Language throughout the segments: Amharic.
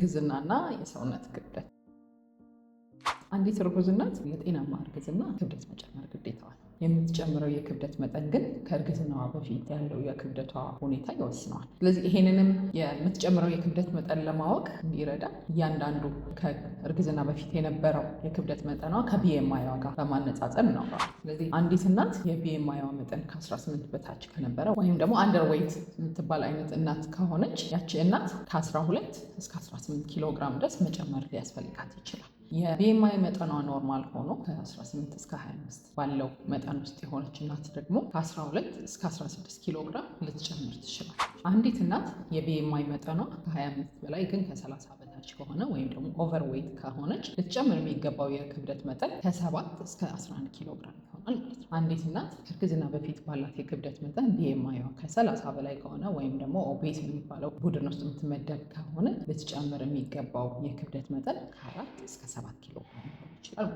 እርግዝናና የሰውነት ክብደት አንዲት እርጉዝ እናት የጤናማ እርግዝና ክብደት መጨመር የምትጨምረው የክብደት መጠን ግን ከእርግዝናዋ በፊት ያለው የክብደቷ ሁኔታ ይወስነዋል። ስለዚህ ይሄንንም የምትጨምረው የክብደት መጠን ለማወቅ እንዲረዳ እያንዳንዱ ከእርግዝና በፊት የነበረው የክብደት መጠኗ ከቢኤምአይዋ ጋር በማነጻጸር እናውራል። ስለዚህ አንዲት እናት የቢኤምአይዋ መጠን ከ18 በታች ከነበረ ወይም ደግሞ አንደርዌይት የምትባል አይነት እናት ከሆነች ያቺ እናት ከ12 እስከ 18 ኪሎ ግራም ድረስ መጨመር ሊያስፈልጋት ይችላል። የቤማይ መጠኗ ኖርማል ሆኖ ከ18 እስከ 25 ባለው መጠን ውስጥ የሆነች እናት ደግሞ ከ12 እስከ 16 ኪሎ ግራም ልትጨምር ትችላል። አንዲት እናት የቤማይ መጠኗ ከ25 በላይ ግን ከ30 በታች ከሆነ ወይም ደግሞ ኦቨርዌይት ከሆነች ልትጨምር የሚገባው የክብደት መጠን ከ7 እስከ 11 ኪሎ ግራም አንዲት እናት ከእርግዝና በፊት ባላት የክብደት መጠን ቢኤምአይዋ ከሰላሳ በላይ ከሆነ ወይም ደግሞ ኦቤስ የሚባለው ቡድን ውስጥ የምትመደብ ከሆነ ልትጨምር የሚገባው የክብደት መጠን ከአራት እስከ ሰባት ኪሎ ይችላል።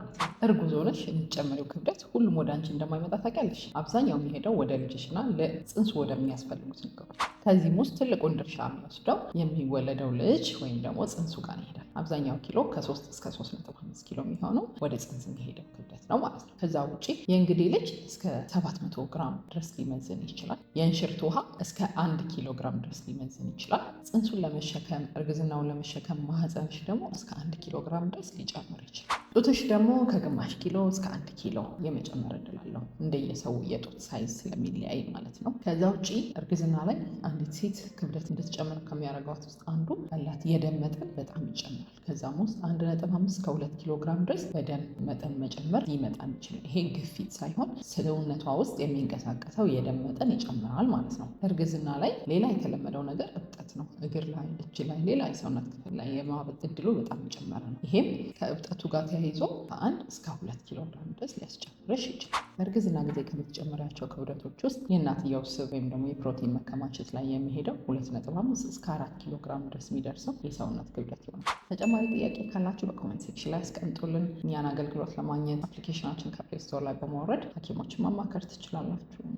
እርጉዝ ሆነሽ የምትጨምሪው ክብደት ሁሉም ወደ አንቺ እንደማይመጣ ታውቂያለሽ። አብዛኛው የሚሄደው ወደ ልጅሽና ለፅንስ ወደሚያስፈልጉት ነገሮች። ከዚህም ውስጥ ትልቁን ድርሻ የሚወስደው የሚወለደው ልጅ ወይም ደግሞ ፅንሱ ጋር ይሄዳል። አብዛኛው ኪሎ ከ3 እስከ 3.5 ኪሎ የሚሆነው ወደ ጽንስ የሚሄደው ክብደት ነው ማለት ነው። ከዛ ውጭ የእንግዴ ልጅ እስከ 700 ግራም ድረስ ሊመዝን ይችላል። የእንሽርት ውሃ እስከ 1 ኪሎ ግራም ድረስ ሊመዝን ይችላል። ጽንሱን ለመሸከም እርግዝናውን ለመሸከም ማህፀንሽ ደግሞ እስከ 1 ኪሎ ግራም ድረስ ሊጨምር ይችላል። ጡትሽ ደግሞ ከግማሽ ኪሎ እስከ አንድ ኪሎ የመጨመር እድል አለው እንደየሰው የጡት ሳይዝ ስለሚለያይ ማለት ነው። ከዛ ውጭ እርግዝና ላይ አንዲት ሴት ክብደት እንድትጨምር ከሚያደርጓት ውስጥ አንዱ ያላት የደም መጠን በጣም ይጨምራል። ከዛም ውስጥ አንድ ነጥብ አምስት ከሁለት ኪሎ ግራም ድረስ በደም መጠን መጨመር ሊመጣም ይችላል። ይሄ ግፊት ሳይሆን ሰውነቷ ውስጥ የሚንቀሳቀሰው የደም መጠን ይጨምራል ማለት ነው። እርግዝና ላይ ሌላ የተለመደው ነገር እብጠት ነው። እግር ላይ፣ እጅ ላይ፣ ሌላ የሰውነት ክፍል ላይ የማበጥ እድሉ በጣም ይጨመረ ነው። ይሄም ከእብጠቱ ጋር ተይዞ ከአንድ እስከ ሁለት ኪሎ ግራም ድረስ ሊያስጨምርሽ ይችላል። በእርግዝና ጊዜ ከምትጨምሪያቸው ክብደቶች ውስጥ የእናትየው ስብ ወይም ደግሞ የፕሮቲን መከማቸት ላይ የሚሄደው ሁለት ነጥብ አምስት እስከ አራት ኪሎ ግራም ድረስ የሚደርሰው የሰውነት ክብደት ይሆናል። ተጨማሪ ጥያቄ ካላችሁ በኮመንት ሴክሽን ላይ ያስቀምጡልን። እኛን አገልግሎት ለማግኘት አፕሊኬሽናችን ከፕሌስቶር ላይ በማውረድ ሐኪሞችን ማማከር ትችላላችሁ።